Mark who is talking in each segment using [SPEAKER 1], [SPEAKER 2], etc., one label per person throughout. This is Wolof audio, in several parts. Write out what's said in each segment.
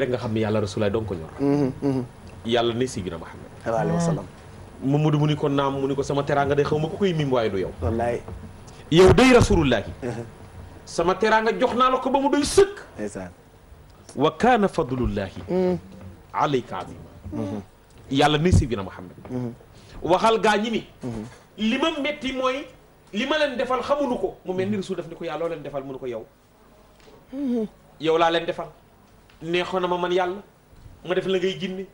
[SPEAKER 1] rek nga xam ne yàlla rasulaay dong ko ñor yàlla ne si gina Muhammad alayhi wa mu ni ko naam mu ni ko sama teraanga day xaw ma ko koy miim waaye du yow wallaay yow day rasulullaahi sama teraanga jox naa la ko ba mu doy sëkk wa kaana fadlullaahi alayka azima mm-hmm. yàlla ne si gina Muhammad mm-hmm. waxal gaa ñi ni mm-hmm. li ma metti mooy li ma leen defal xamuñu ko mu mel ni rasul daf ni ko yàlla loo leen defal mënu ko yaw yow laa leen defal neexoon na ma man yàlla ma def la ngay jinne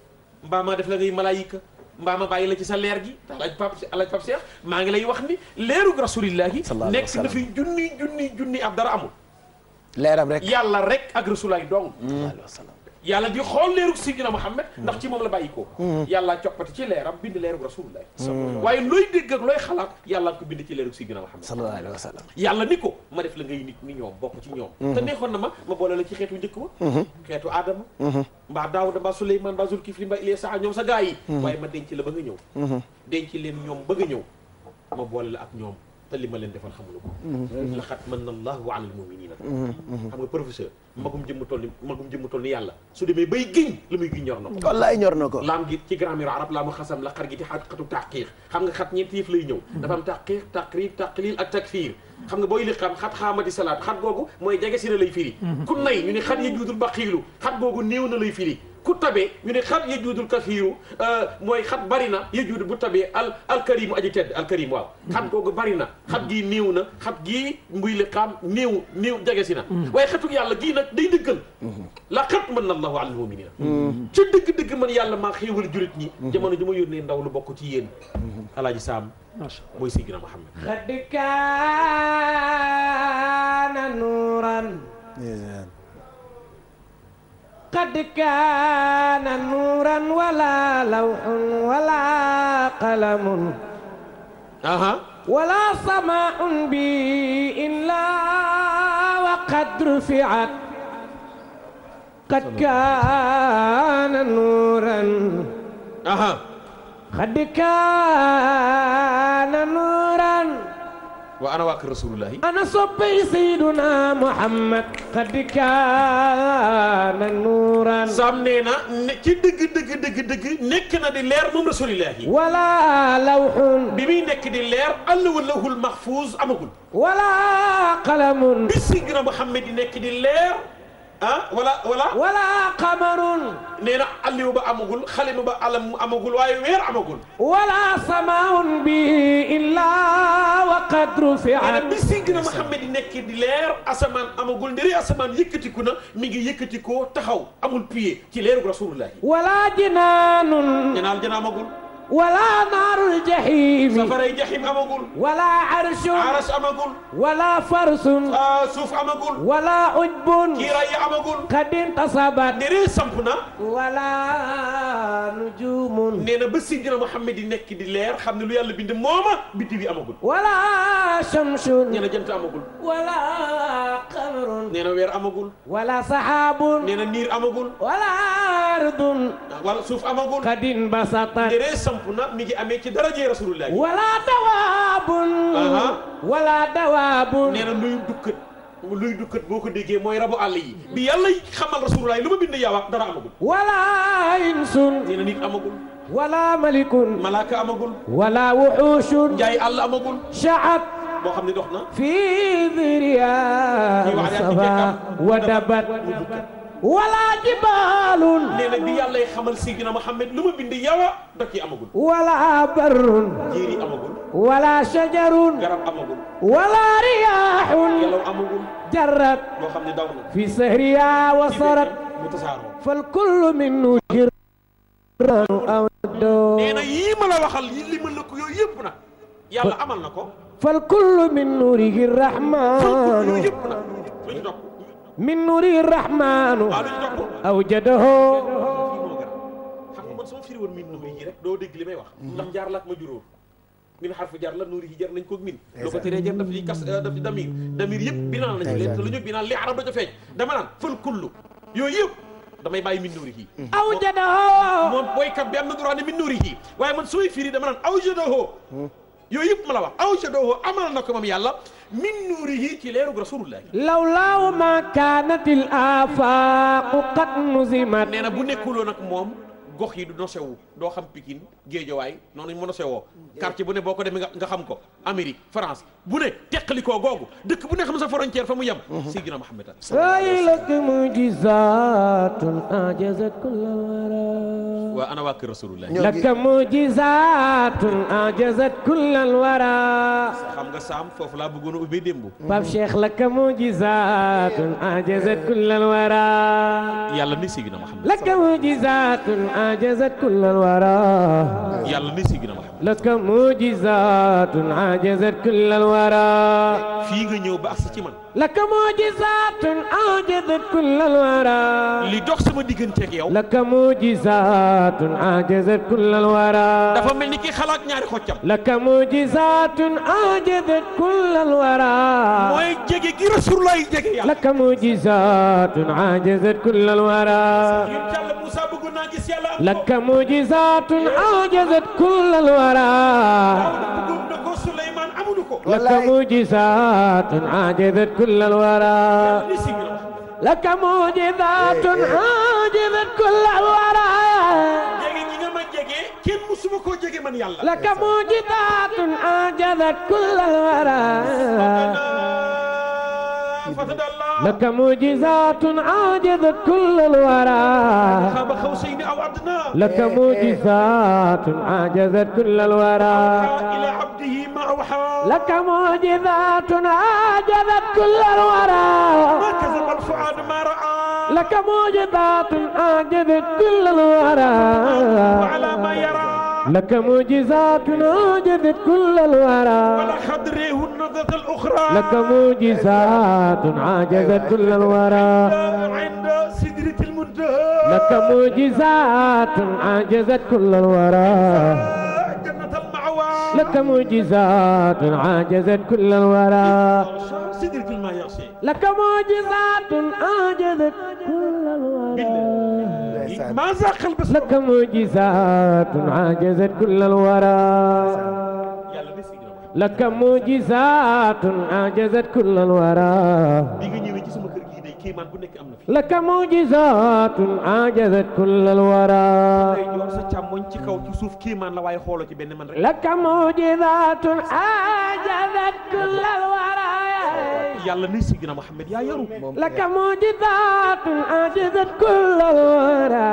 [SPEAKER 1] mbaa ma def la ngay malaayika mbaa ma bàyyi la ci sa leer gi alaaj pap alaaj pap Cheikh maa ngi lay wax ni leerug rasulillahi nekk na fi junni junni junni ab dara amul
[SPEAKER 2] leeram rek yàlla rek
[SPEAKER 1] ak rasulaay dong yàlla di xool leerug Seydina Muhammad hmm. ndax ci moom la bàyyi ko hmm. yàlla coppati ci leeram bind leerug rasulullah hmm. waaye looy dégg ak looy xalaat yàlla ko bind ci leerug Seydina Muhammad yàlla ni ko ma def la ngay nit ni ñoom bokk ci ñoom te neexoon na ma ma boole la ci xeetu njëkk ma xeetu aadama mbaa daawuda mbaa suleymaan mbaa zulkifli mbaa ilyasa ñoom sa gaa yi waaye ma denc la ba nga ñëw denc leen ñoom ba nga ñëw ma boole la ak ñoom te li ma leen defal xamulu ko laxat man na allahu wa muminina mhm. Mhm. xam nga professeur magum jëmm toll ni magum jëmm toll ni yàlla su demee bay giñ la muy giñ ñor na ko wallaay ñor na ko laam gi ci grammaire arab laamu xasam la xar gi di xat xatu taqiir xam nga xat ñeenti yëf lay ñëw mhm. dafa am taqiir taqrib taqlil ak takfiir xam nga booy li xam xat xaamati salaat xat googu mooy jege si na lay firi ku nay ñu ne xat ya juudul baqiilu xat googu néew na lay firi ku tabe ñu ne xat ya juudul kafiiru euh, mooy xat bari na ya juud bu tabee al alkarimu aji tedd alkarim waaw mm-hmm. xat googu bari na xat gii néew na xat gii mbuy li xaam néew néew jege si na mm-hmm. waaye xatuk yàlla gii nag day dëggal mm-hmm. la xat mën na allahu alal muminina ci dëgg-dëgg man yàlla maa xéewal jurit ñi jamono ju ma yónnee ndaw lu bokk ci yéen alaaji saam mooy Seydina Muhammad xad
[SPEAKER 2] kaana nuuran قد كان نورا ولا لوح ولا قلم أها ولا سماء بي إلا وقد رفعت قد كان نورا أها قد كان نورا
[SPEAKER 1] وأنا واك رسول الله أنا صبي سيدنا محمد قد كان نورا سامنينا كي دغ دغ دغ دغ نيكنا دي لير موم رسول الله ولا لوح بيمي نيك دي لير الله والله المحفوظ امغول ولا قلم بسيدنا محمد نيك دي لير ah ولا ولا wala qamarun. nee na alliw ba amagul xalima ba alam amagul waaye weer amagul. wala samaun badru fi maanaam bi sink na Muhammad di nekk di leer asamaan amagul ndëri asamaan yëkkatiku na mi ngi yëkkatikoo taxaw amul pied ci leerug rasulullah wala jinaanun janaan janaamagul ولا نار الجحيم سفر الجحيم أما قول ولا عرش عرش أما قول ولا فرس آه سوف أما قول ولا عجب أما قول قد انتصبت نري سمبنا ولا نجوم نينا بس محمد نك دي لير خامن لو يالا بيند موما بيدي أما قول ولا شمس نينا جنت أما قول ولا قمر نينا وير أما قول ولا صحاب نينا نير أما قول ولا ardun wala suuf amagul xadin basatan ndere samp na mi ngi amee ci daraje rasulullah wala dawaabun wala dawaabun nee na luy dukkat luy dukkat boo ko déggee mooy rabu àll yi bi yàlla xamal rasulullah lu ma bind yaawaak dara amagul wala insun nee na nit amagul wala malikun malaaka amagul wala wuxuushun njaay àll amagul shaat boo xam ne dox na fi diriya wa dabat wala jibaalun nee na bi yàlla yi xamal Seydina Muhammad lu ma bind yawa dëkk yi amagul. wala
[SPEAKER 2] barrun. jéeri amagul. wala shajarun. garab amagul. wala riyaaxun. ngelaw amagul. jarat. loo xam ne daw na. fi sahriya wa sarat. mu tasaaroo. fal kullu min nujir. aw doo. nee na
[SPEAKER 1] yii ma la waxal li ma la ko yooyu yëpp na.
[SPEAKER 2] yàlla amal na ko. fal kullu min nurihi rahmaan. fal kullu yëpp
[SPEAKER 1] na.
[SPEAKER 2] min nuri rahmaanu aw jadahoo
[SPEAKER 1] xam nga man soo firi woon min nuuri yi rek doo dégg may wax ndax jaar laat ma juróom min xarfu jar la nuuri yi jar nañ ko min loo ko teree jar kas euh, daf di damir damir yëpp binaan nañu leen te lu ñu binaan li arab dañu feeñ dama naan kullu yooyu damay bàyyi min nuuri yi mm-hmm. aw jadahoo moom boykat bi am min nuuri waaye man sooy firi dama naan yooyu yëpp ma la wax awjadoohu amal na ko moom yàlla min nuurihi ci leerug rasulullah
[SPEAKER 2] lawlaaw ma kaanatil afaaqu qad nuzimat nee na bu nekkuloo
[SPEAKER 1] nag moom gox yi du nosewu doo xam Pikine Géejawaay noonu lañ mën a sewoo quartier bu ne boo ko demee nga xam ko Amérique France bu ne teqalikoo googu dëkk bu ne xam sa frontière fa mu yem mhm. Seydina Muhammad
[SPEAKER 2] saylak mujizatun ajazat kulla wara waa
[SPEAKER 1] ana waa laka
[SPEAKER 2] mujizatun ajazat kulla wara
[SPEAKER 1] xam nga saam foofu laa bëggoon a ubbee démb Pape Cheikh laka
[SPEAKER 2] mujizatun ajazat kulla wara
[SPEAKER 1] wara yàlla ni si gën a wax
[SPEAKER 2] laka mujizaatun ajazat kullal wara
[SPEAKER 1] fii nga ñëw ba agsi ci man laka mujizaatun
[SPEAKER 2] ajazat kullal wara li dox sama digganteeg yow laka mujizaatun ajazat kullal wara dafa mel ni ki xalaat ñaari xoccam laka mujizaatun ajazat kullal wara mooy jege gi rasulullah jege yàlla laka mujizaatun ajazat kullal wara laka mujizaatun ajazat kullal wara الورى
[SPEAKER 1] لك موجزات عاجزت كل الورى لك موجزات عاجزت كل الورى لك موجزات عاجزت كل الورى
[SPEAKER 2] لك معجزات عاجز كل الورى خاب
[SPEAKER 1] أو لك إيه، إيه. معجزات عاجز
[SPEAKER 2] كل الورى
[SPEAKER 1] إلى عبده ما أوحى
[SPEAKER 2] لك معجزات عاجز كل الورى ما كذب الفؤاد ما لك معجزات عاجز كل الورى وعلى ما يرى لك معجزات جذت كل الورى
[SPEAKER 1] خدره ذات الأخرى لك معجزات عاجزت كل الورى عند سدرة المنتهى لك
[SPEAKER 2] معجزات عجزت كل الورى المعوى لك معجزات عجزت كل الورى
[SPEAKER 1] سدرة المياسي لك معجزات عاجزت كل الورى
[SPEAKER 2] ما زاق البصر لك معجزات عاجزت كل الورى لك معجزات عاجزت كل الورى لك معجزات عاجزت كل الورى لك
[SPEAKER 1] معجزات عاجزت كل الورى yàlla ni Seydina Muhammad yaa yaru laka mujizaatun ajizat kullal wara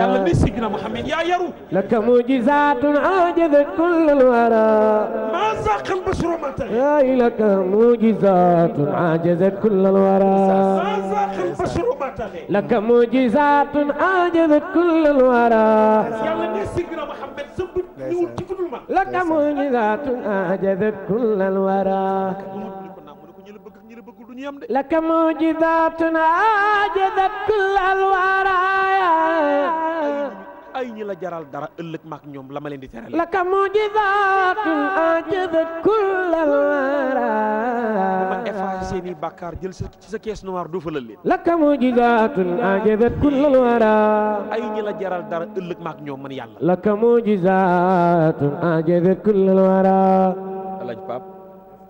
[SPEAKER 1] yàlla ni Seydina Muhammad yaa yaru laka mujizaatun ajizat
[SPEAKER 2] kullal wara ma zaqal bashru ma tahi laka mujizaatun ajizat kullal wara ma
[SPEAKER 1] zaqal bashru ma tahi laka
[SPEAKER 2] mujizaatun ajizat kullal wara yàlla
[SPEAKER 1] ni Seydina Muhammad sabbu ñuul ci kudul ma laka mujizaatun ajizat
[SPEAKER 2] kullal wara
[SPEAKER 1] laka mujizaatun ajadat kullal waraaya ay ñi jaral dara ëllëg maak ñoom la ma leen di tere laka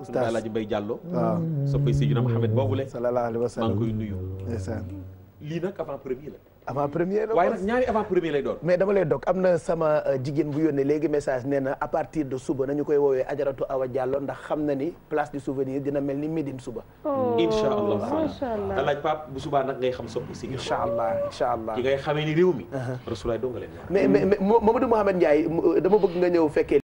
[SPEAKER 1] oustaz Alaaji Mbay Jàllo waaw ah. mm. soppay Seydina Muhammad mm. boobule sallallahu alayhi wa sallam maa ngi koy nuyu ndeysaan lii nag avant premier la avant la waaye nag ñaari avant premier lay doon mais dama lay dog am na sama euh, jigéen bu yónnee léegi message nee na à partir de suba nañu koy woowee ajaratu Awa Diallo ndax xam na ni place du souvenir dina mel ni Médine suba oh, incha allah allah alaaj Pape bu subaa nag ngay xam sopp si incha allah incha allah ki ngay ni réew mi uh-huh. rasulaay donga leen mais mais euh, dama bëgg nga ñëw fekkee